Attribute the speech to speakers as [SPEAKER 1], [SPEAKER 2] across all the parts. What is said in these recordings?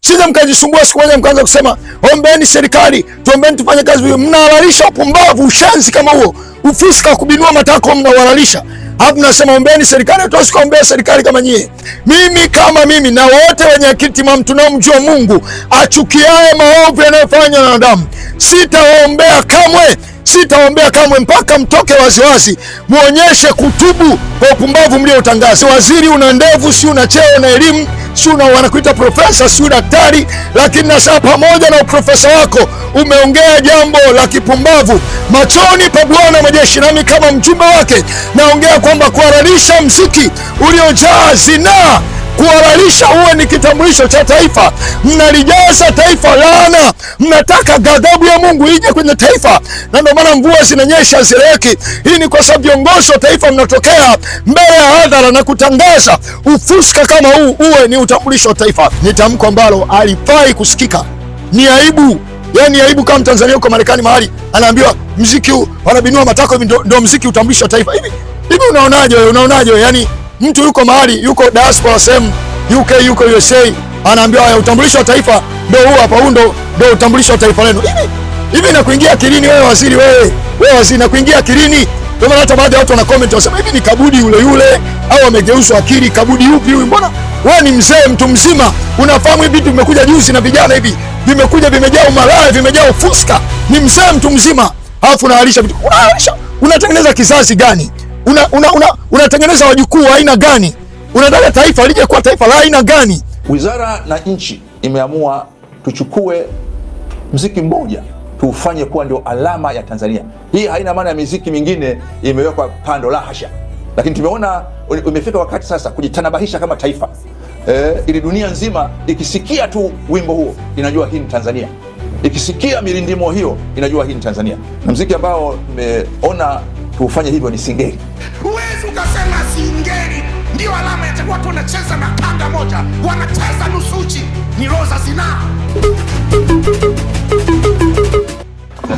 [SPEAKER 1] Sija mkajisumbua siku moja mkaanza kusema ombeni serikali, tuombeni tufanye kazi. Mnahalalisha upumbavu, ushenzi kama huo ufiska wa kubinua matako mnawalalisha hapo mnasema ombeni serikali. Hatuwezi serikali kama nyie. Mimi kama mimi na wote wenye akili timamu tunaomjua Mungu achukiae maovu yanayofanywa na wanadamu, sitaombea kamwe sitaombea kamwe mpaka mtoke waziwazi, muonyeshe kutubu kwa upumbavu utangaza Waziri una ndevu, si una cheo na elimu, si una wanakuita profesa, si daktari, lakini na saa pamoja na uprofesa wako umeongea jambo la kipumbavu machoni pa Bwana majeshi, nami kama mjumbe wake naongea kwamba kuhalalisha mziki uliojaa zinaa kuhalalisha uwe ni kitambulisho cha taifa. Mnalijaza taifa laana, mnataka ghadhabu ya Mungu ije kwenye taifa, na ndio maana mvua zinanyesha zireki. Hii ni kwa sababu viongozi wa taifa mnatokea mbele ya hadhara na kutangaza ufuska kama huu uwe ni utambulisho wa taifa. Ni tamko ambalo alifai kusikika, ni aibu Yaani ni aibu kama Mtanzania uko Marekani mahali anaambiwa mziki huu wanabinua matako hivi ndio, ndio mziki utambulisha taifa. Hivi hivi unaonaje wewe? Unaonaje wewe? Yaani mtu yuko mahali yuko diaspora same UK yuko USA anaambiwa haya utambulisho wa taifa ndio huu hapa, huu ndio ndio utambulisho wa taifa lenu. Hivi hivi na kuingia kilini wewe waziri wewe. Wewe waziri na kuingia kilini. Ndio maana hata baadhi ya watu wana comment wasema hivi ni Kabudi yule yule au amegeuzwa akili Kabudi upi huyu? Mbona wewe ni mzee mtu mzima unafahamu hivi vitu vimekuja juzi na vijana hivi vimekuja vimejaa umalaya, vimejaa ufuska, ni mzee mtu mzima, alafu unaalisha vitu, unaalisha, unatengeneza kizazi gani? Unatengeneza una, una, una wajukuu wa aina gani? Unataka taifa lije kuwa taifa la aina gani?
[SPEAKER 2] Wizara na nchi imeamua tuchukue mziki mmoja tuufanye kuwa ndio alama ya Tanzania. Hii haina maana ya miziki mingine imewekwa pando, la hasha, lakini tumeona umefika wakati sasa kujitanabahisha kama taifa eh, ili dunia nzima ikisikia tu wimbo huo inajua hii ni Tanzania, ikisikia milindimo hiyo inajua hii ni Tanzania. Na mziki ambao nimeona tuufanye hivyo ni Singeli.
[SPEAKER 1] Huwezi ukasema Singeli ndio alama ya watu wanacheza na kanda moja, wanacheza nusuchi, ni roho za zinaa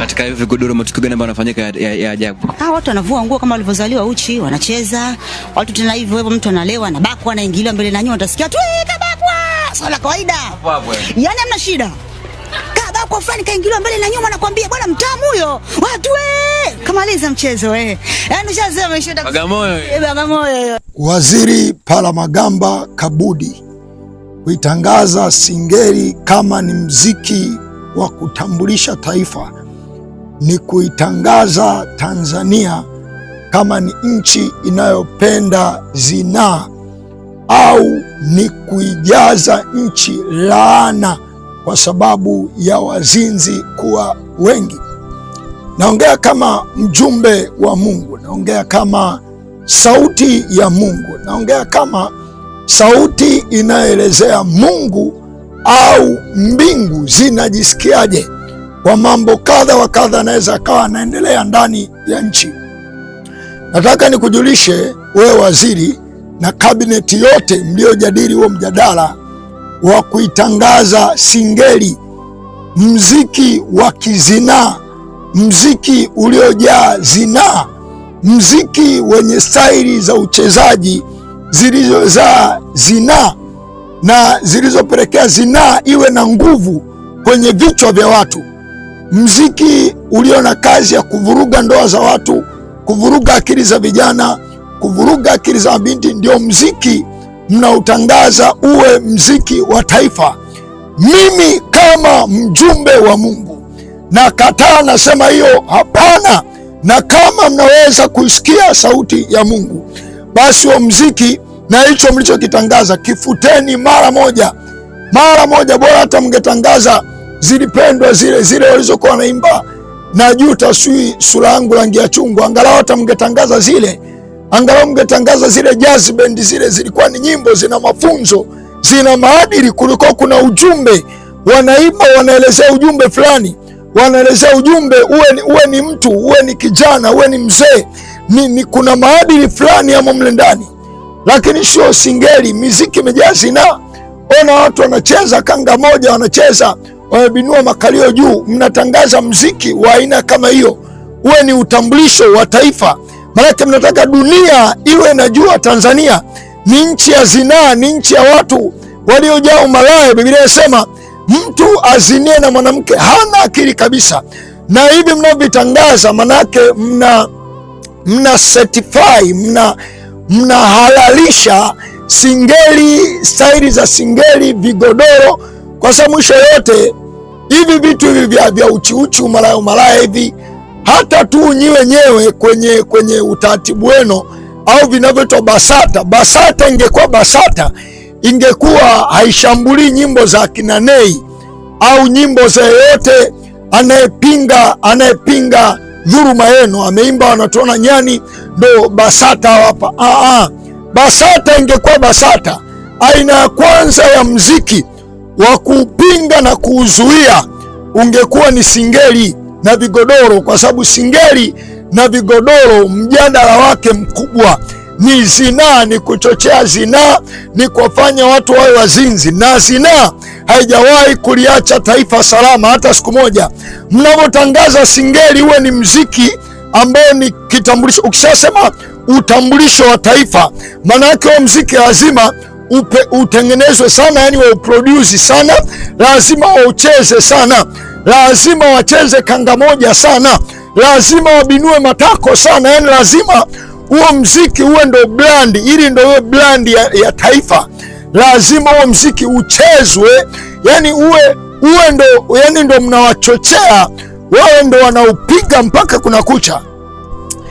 [SPEAKER 3] katika hivi vigodoro, matukio gani ambayo yanafanyika ya ajabu?
[SPEAKER 4] Ah, watu wanavua nguo kama walivyozaliwa uchi, wanacheza watu tena hivyo hivyo, mtu analewa, na anabakwa, anaingilia mbele na nyuma, utasikia tu eh, kabakwa, sala kawaida hapo hapo, yani hamna shida kabakwa fulani kaingiliwa mbele na nyuma, nakwambia bwana, mtamu huyo, watu we eh, kamaliza mchezo we, eh. yani ushazoea mshoda Bagamoyo.
[SPEAKER 5] Bagamoyo, Waziri Palamagamba Kabudi kuitangaza Singeli kama ni mziki wa kutambulisha taifa ni kuitangaza Tanzania kama ni nchi inayopenda zinaa au ni kuijaza nchi laana kwa sababu ya wazinzi kuwa wengi. Naongea kama mjumbe wa Mungu, naongea kama sauti ya Mungu, naongea kama sauti inayoelezea Mungu au mbingu zinajisikiaje kwa mambo kadha wa kadha anaweza akawa anaendelea ndani ya nchi. Nataka nikujulishe wewe waziri na kabineti yote mliojadili huo mjadala wa kuitangaza singeli, mziki wa kizinaa, mziki uliojaa zinaa, mziki wenye staili za uchezaji zilizozaa zinaa na zilizopelekea zinaa iwe na nguvu kwenye vichwa vya watu mziki ulio na kazi ya kuvuruga ndoa za watu, kuvuruga akili za vijana, kuvuruga akili za mabinti, ndio mziki mnautangaza uwe mziki wa taifa. Mimi kama mjumbe wa Mungu nakataa, nasema hiyo hapana. Na kama mnaweza kuisikia sauti ya Mungu, basi huo mziki na hicho mlichokitangaza kifuteni mara moja, mara moja. Bora hata mngetangaza zilipendwa zile zile walizokuwa wanaimba na juu sura yangu rangi ya chungwa. Angalau hata mngetangaza zile, angalau mngetangaza zile jazz band, zile zilikuwa ni nyimbo zina mafunzo, zina maadili, kuliko kuna ujumbe wanaimba, wanaelezea ujumbe fulani, wanaelezea ujumbe. Uwe ni, uwe ni mtu uwe ni kijana uwe ni mzee, ni, ni kuna maadili fulani yamo mle ndani, lakini sio singeli. Miziki imejaa na ona watu wanacheza kanga moja, wanacheza wamebinua makalio juu, mnatangaza mziki wa aina kama hiyo uwe ni utambulisho wa taifa, maanake mnataka dunia iwe najua Tanzania ni nchi ya zinaa, ni nchi ya watu waliojaa umalaya. Biblia inasema mtu azinie na mwanamke hana akili kabisa, na hivi mnavyovitangaza, manake mna mna certify mna mnahalalisha singeli, staili za singeli, vigodoro, kwa sababu mwisho yote hivi vitu hivi vya, vya uchiuchi umalaya umalaya hivi hata tu nyi wenyewe kwenye, kwenye utaratibu wenu au vinavyoitwa BASATA. BASATA ingekuwa BASATA ingekuwa haishambulii nyimbo za akina au nyimbo za yeyote anayepinga anayepinga dhuluma yenu, ameimba wanatuona nyani, ndo BASATA hapa. Ah, ah. BASATA ingekuwa BASATA aina ya kwanza ya mziki wa kuupinga na kuuzuia ungekuwa ni singeli na vigodoro, kwa sababu singeli na vigodoro mjadala wake mkubwa ni zinaa, ni kuchochea zinaa, ni kuwafanya watu wawe wazinzi, na zinaa haijawahi kuliacha taifa salama hata siku moja. Mnavyotangaza singeli uwe ni mziki ambao ni kitambulisho, ukishasema utambulisho wa taifa, maana yake huo mziki lazima upe utengenezwe sana, yani wauprodusi sana, lazima waucheze sana, lazima wacheze kanga moja sana, lazima wabinue matako sana, yani lazima huo mziki uwe ndo brand, ili ndo uwe brand ya, ya taifa. Lazima huo mziki uchezwe, yani uwe uwe ndo, yani ndo mnawachochea wawe ndo wanaupiga mpaka kuna kucha.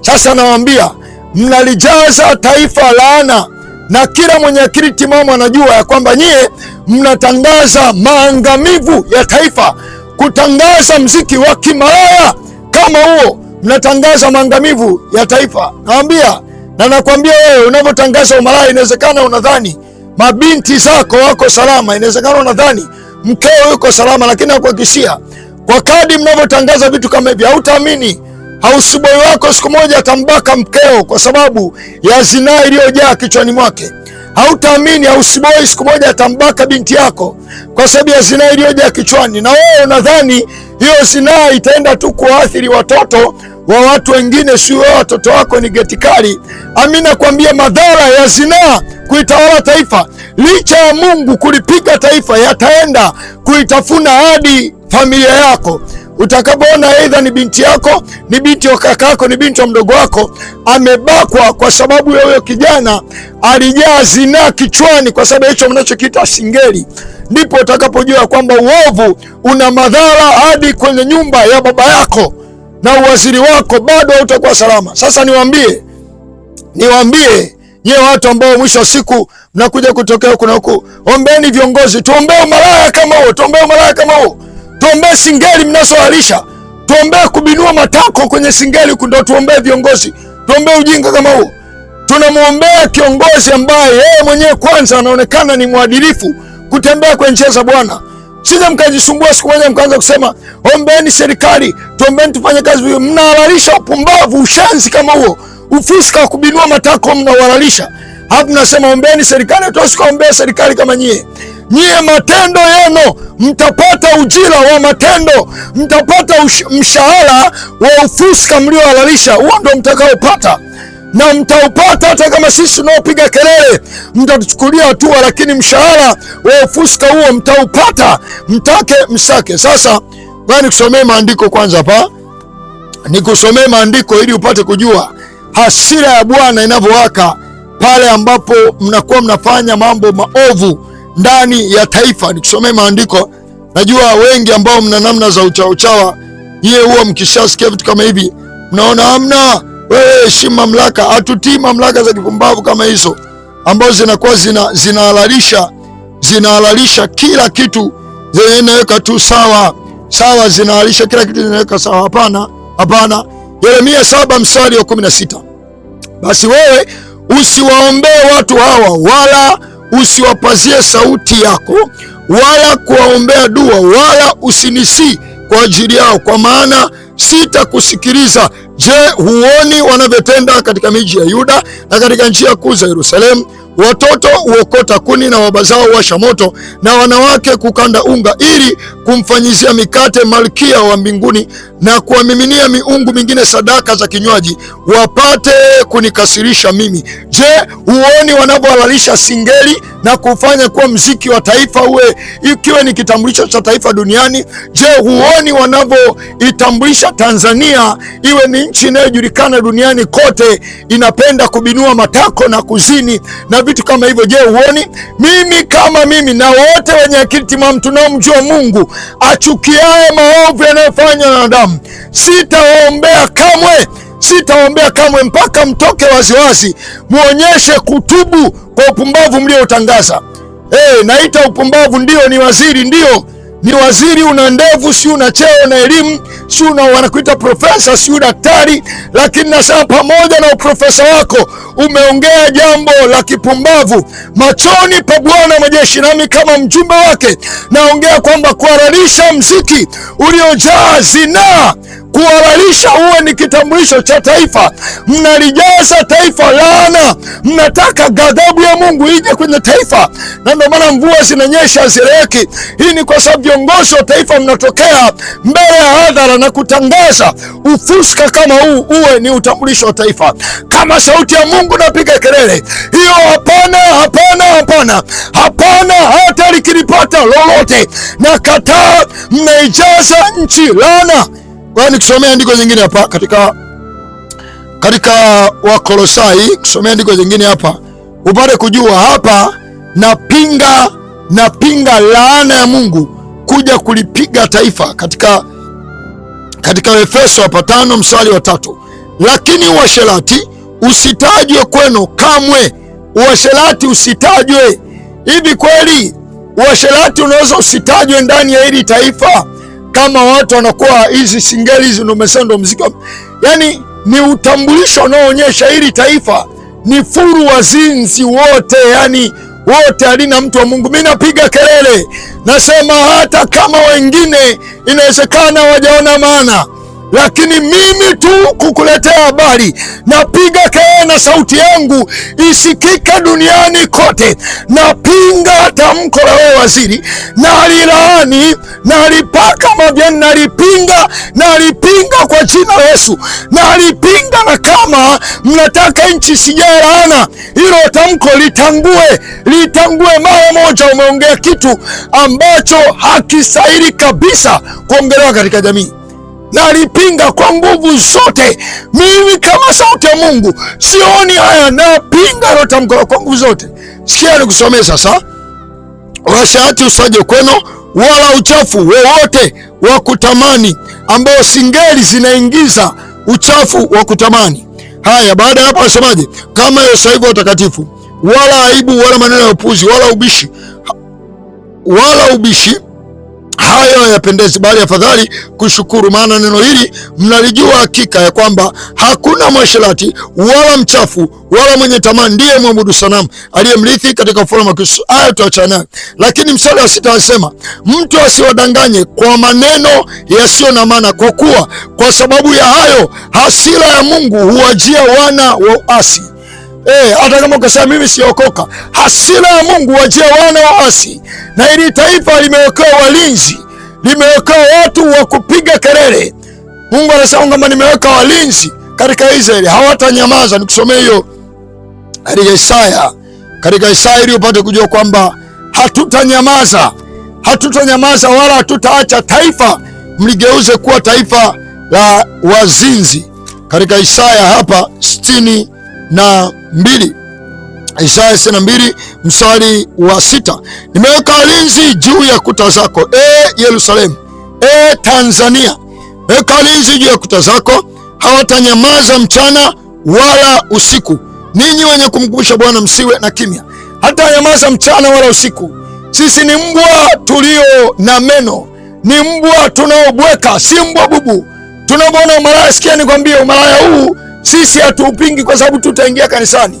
[SPEAKER 5] Sasa nawaambia mnalijaza taifa laana na kila mwenye akili timamu anajua ya kwamba nyie mnatangaza maangamivu ya taifa. Kutangaza mziki wa kimalaya kama huo, mnatangaza maangamivu ya taifa. Naambia na nakwambia wewe, unavyotangaza umalaya, inawezekana unadhani mabinti zako wako salama, inawezekana unadhani mkeo yuko salama, lakini nakuhakikishia, kwa kadi mnavyotangaza vitu kama hivi, hautaamini Hausiboi wako siku moja atambaka mkeo kwa sababu ya zinaa iliyojaa kichwani mwake. Hautaamini, hausiboi siku moja atambaka binti yako kwa sababu ya zinaa iliyojaa kichwani, na wewe unadhani hiyo zinaa itaenda tu kuathiri watoto wa watu wengine, si wewe watoto wako ni getikali. Amina, kuambia madhara ya zinaa kuitawala taifa, licha ya Mungu kulipiga taifa, yataenda kuitafuna hadi familia yako. Utakapoona aidha ni binti yako, ni binti wa kakako, ni binti wa mdogo wako amebakwa kwa sababu ya huyo kijana alijaa zinaa kichwani, kwa sababu hicho mnachokiita singeli, ndipo utakapojua kwamba uovu una madhara hadi kwenye nyumba ya baba yako na uwaziri wako bado hautakuwa salama. Sasa niwaambie, niwaambie nyewe watu ambao mwisho wa siku mnakuja kutokea huku na huku, ombeni viongozi, tuombee umalaya kama huo, tuombee umalaya kama huo tuombee singeli mnazowalisha, tuombee kubinua matako kwenye singeli, ndo tuombee viongozi, tuombee ujinga kama huo. Tunamwombea kiongozi ambaye yeye mwenyewe kwanza anaonekana ni mwadilifu, kutembea kwenye njia za Bwana. Sija mkajisumbua siku moja mkaanza kusema ombeni serikali, tuombeni tufanye kazi. Mnahalalisha upumbavu, ushenzi kama huo, ufuska wa kubinua matako mnahalalisha, hapo mnasema ombeni serikali. Hatuwezi kuombea serikali kama nyie nyie matendo yenu mtapata ujira wa matendo, mtapata mshahara wa ufuska mliohalalisha, huo ndo mtakaopata na mtaupata hata kama sisi tunaopiga kelele mtatuchukulia hatua, lakini mshahara wa ufuska huo mtaupata, mtake msake. Sasa bwana, nikusomee maandiko kwanza, pa nikusomee maandiko ili upate kujua hasira ya Bwana inavyowaka pale ambapo mnakuwa mnafanya mambo maovu ndani ya taifa. Nikusomee maandiko, najua wengi ambao mna namna za uchawachawa nyie, huwa mkishasikia vitu kama hivi mnaona amna wewe heshimu mamlaka. Hatutii mamlaka za kipumbavu kama hizo ambazo zinakuwa zinahalalisha zinahalalisha kila kitu, zinaweka tu sawa sawa, zinahalalisha kila kitu, zinaweka sawa. Hapana, hapana. Yeremia saba mstari wa kumi na sita basi wewe usiwaombee watu hawa wala usiwapazie sauti yako wala kuwaombea dua wala usinisii kwa ajili yao, kwa maana sitakusikiliza. Je, huoni wanavyotenda katika miji ya Yuda na katika njia kuu za Yerusalemu? watoto uokota kuni na baba zao washa moto, na wanawake kukanda unga, ili kumfanyizia mikate malkia wa mbinguni, na kuwamiminia miungu mingine sadaka za kinywaji, wapate kunikasirisha mimi. Je, huoni wanavyohalalisha singeli na kufanya kuwa mziki wa taifa, uwe ikiwe ni kitambulisho cha taifa duniani? Je, huoni wanavyoitambulisha Tanzania iwe ni nchi inayojulikana duniani kote, inapenda kubinua matako na kuzini na na vitu kama hivyo. Je, huoni mimi kama mimi na wote wenye akili timamu tunaomjua Mungu achukiaye maovu yanayofanywa na wanadamu, sitawaombea kamwe, sitawaombea kamwe mpaka mtoke waziwazi, muonyeshe kutubu kwa upumbavu mliotangaza. Hey, eh, naita upumbavu, ndio ni waziri, ndio ni waziri, una ndevu, si una cheo na elimu, si una wanakuita profesa, si daktari, lakini nasema pamoja na uprofesa wako umeongea jambo la kipumbavu machoni pa Bwana majeshi. Nami kama mjumbe wake naongea kwamba kuhalalisha mziki uliojaa zinaa kuwawalisha uwe ni kitambulisho cha taifa. Mnalijaza taifa laana, mnataka ghadhabu ya Mungu ije kwenye taifa, na ndio maana mvua zinanyesha zireki Hii ni kwa sababu viongozi wa taifa mnatokea mbele ya hadhara na kutangaza ufuska kama huu uwe ni utambulisho wa taifa. Kama sauti ya Mungu napiga kelele hiyo, hapana, hapana, hapana, hapana, hata likilipata lolote na kataa. Mnaijaza nchi laana. Kwa hiyo nikusomea andiko zingine hapa katika katika Wakolosai, kusomea andiko zingine hapa upate kujua hapa. Napinga napinga laana ya Mungu kuja kulipiga taifa katika katika Efeso hapa tano mstari wa tatu. Lakini uasherati usitajwe kwenu kamwe, uasherati usitajwe. Hivi kweli uasherati unaweza usitajwe ndani ya hili taifa? kama watu wanakuwa hizi singeli hizi, ndo umesema ndo mziki, yani ni utambulisho unaoonyesha hili taifa ni furu wazinzi wote, yani wote halina mtu wa Mungu. Mimi napiga kelele, nasema hata kama wengine inawezekana wajaona maana lakini mimi tu kukuletea habari. Napiga kelele na sauti yangu isikike duniani kote. Napinga tamko la wewe waziri, nalilaani, nalipaka mavyani, nalipinga, nalipinga kwa jina la Yesu, nalipinga. Na kama mnataka nchi sijae laana, hilo tamko litangue, litangue mara moja. Umeongea kitu ambacho hakistahili kabisa kuongelewa katika jamii nalipinga kwa nguvu zote. Mimi kama sauti ya Mungu sioni haya, napinga hilo tamko kwa nguvu zote. Sikia nikusomee sasa, washati usaje kwenu wala uchafu wowote wa kutamani, ambao singeli zinaingiza uchafu wa kutamani. Haya, baada ya hapo asemaje? Kama yosaivu watakatifu, wala aibu wala maneno ya upuzi wala ubishi wala ubishi hayo hayapendezi, bali afadhali kushukuru, maana neno hili mnalijua hakika ya kwamba hakuna mwasherati wala mchafu wala mwenye tamaa ndiye mwabudu sanamu aliyemrithi katika ufalme wa Kristo. Haya tuachana nayo, lakini mstari wa sita anasema mtu asiwadanganye kwa maneno yasiyo na maana, kwa kuwa kwa sababu ya hayo hasira ya Mungu huwajia wana wa uasi. Eh, hata kama ukasema mimi siokoka. Hasira ya Mungu wajia wana waasi, na ili taifa limewekewa walinzi, limewekewa watu wa kupiga kelele. Mungu anasema kwamba nimeweka walinzi katika Israeli, hawatanyamaza. Nikusomee hiyo katika Isaya, katika Isaya ili upate kujua kwamba hatutanyamaza, hatutanyamaza wala hatutaacha taifa mligeuze kuwa taifa la wazinzi, katika Isaya hapa sitini na mbili Isaya sitini na mbili mstari wa sita nimeweka walinzi juu ya kuta zako e Yerusalemu, e Tanzania, weka walinzi juu ya kuta zako, hawatanyamaza mchana wala usiku. Ninyi wenye kumkumbusha Bwana msiwe na kimya, hata nyamaza mchana wala usiku. Sisi ni mbwa tulio na meno, ni mbwa tunaobweka, si mbwa bubu. Tunamwona umalaya. Sikia nikwambie, umalaya huu sisi hatuupingi kwa sababu tutaingia kanisani.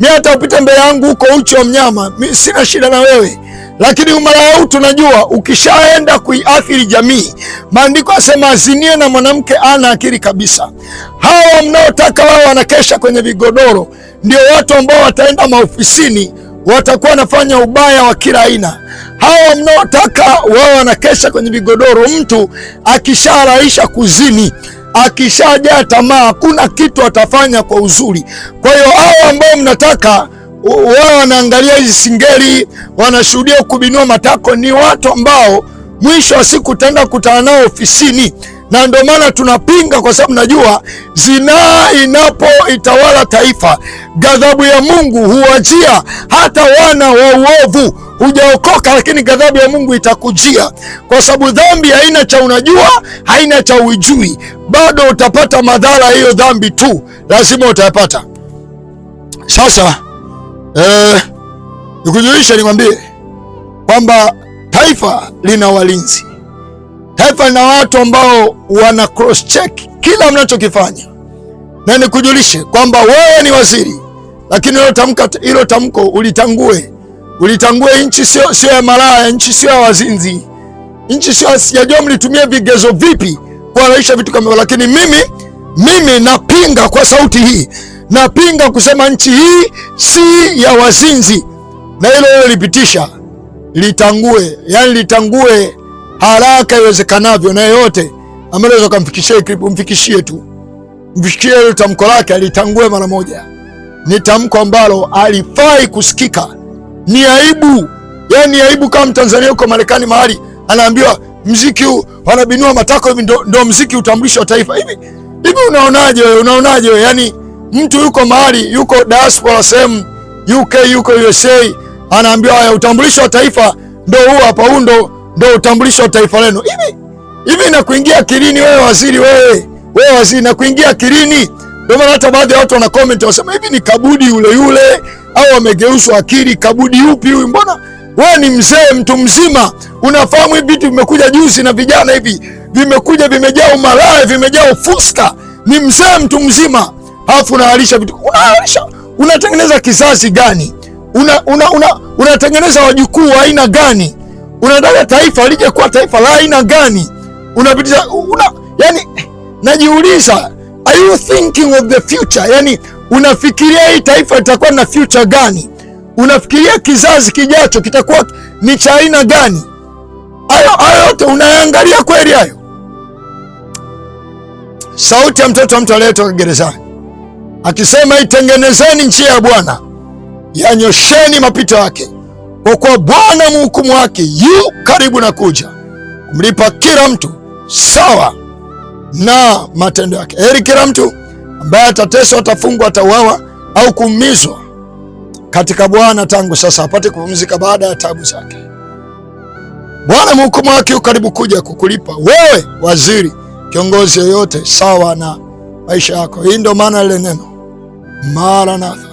[SPEAKER 5] mi hata upite mbele yangu huko uchi wa mnyama, mi sina shida na wewe, lakini umalaya huu tunajua, ukishaenda kuiathiri jamii, maandiko asema azinie na mwanamke ana akili kabisa. Hawa mnaotaka wao wanakesha kwenye vigodoro, ndio watu ambao wataenda maofisini, watakuwa wanafanya ubaya wa kila aina. Hawa mnaotaka wao wanakesha kwenye vigodoro, mtu akisharahisha kuzini akishajaa tamaa hakuna kitu atafanya kwa uzuri. Kwa hiyo hao ambao mnataka wao wanaangalia hizi singeli, wanashuhudia kubinua matako, ni watu ambao mwisho wa siku utaenda kutana nao ofisini, na ndio maana tunapinga, kwa sababu najua zinaa inapo itawala taifa, ghadhabu ya Mungu huwajia hata wana wa uovu hujaokoka, lakini ghadhabu ya Mungu itakujia, kwa sababu dhambi haina cha unajua, haina cha uijui. Bado utapata madhara hiyo dhambi tu, lazima utayapata. Sasa eh, nikujulishe, nikwambie kwamba taifa lina walinzi, taifa lina watu ambao wana cross check kila mnachokifanya, na nikujulishe kwamba wewe ni waziri, lakini ilo tamko ulitangue ulitangue nchi sio sio ya malaya, nchi sio ya wazinzi, nchi sio sijajua mlitumia vigezo vipi kuhalalisha vitu kama, lakini mimi mimi napinga kwa sauti hii, napinga kusema nchi hii si ya wazinzi, na hilo hilo lipitisha litangue, yani litangue haraka iwezekanavyo, na yeyote ambaye kumfikishia clip mfikishie tu, mfikishie ile tamko lake, alitangue mara moja. Ni tamko ambalo alifai kusikika ni aibu. yeye, yaani ni aibu kama Mtanzania uko Marekani mahali anaambiwa mziki huu wanabinua matako hivi ndo, ndo mziki utambulisho wa taifa hivi hivi. Unaonaje wewe? Unaonaje wewe? Yani mtu yuko mahali yuko diaspora sehemu UK yuko USA anaambiwa haya, utambulisho wa taifa ndo huu hapa, huu ndo ndo utambulisho wa taifa lenu hivi hivi. Nakuingia akilini wewe waziri, wewe wewe waziri, nakuingia akilini? Ndio maana hata baadhi ya watu wana comment wasema hivi, ni Kabudi yule yule au wamegeuzwa akili? Kabudi upi huyu? Mbona wewe ni mzee, mtu mzima, unafahamu hivi vitu vimekuja juzi, na vijana hivi vimekuja, vimejaa umalaya, vimejaa ufuska. Ni mzee, mtu mzima, alafu unaalisha vitu, unaalisha, unatengeneza kizazi gani? Una, una, una, unatengeneza wajukuu wa aina gani? Unataka taifa lije kuwa taifa la aina gani? Unapitisha una, yani najiuliza, are you thinking of the future? Yani Unafikiria hii taifa litakuwa na future gani? Unafikiria kizazi kijacho kitakuwa ni cha aina gani? Hayo yote unaangalia kweli? Hayo sauti ya mtoto wa mtu aliyetoka gerezani akisema, itengenezeni njia ya Bwana, yanyosheni mapito yake, kwa kuwa Bwana mhukumu wake yu karibu na kuja kumlipa kila mtu sawa na matendo yake. Heri kila mtu ambaye atateswa, atafungwa, atauawa au kuumizwa katika Bwana tangu sasa apate kupumzika baada ya tabu zake. Bwana mhukumu wake ukaribu kuja kukulipa wewe, waziri, kiongozi yoyote, sawa na maisha yako. Hii ndio maana ile neno Maranatha.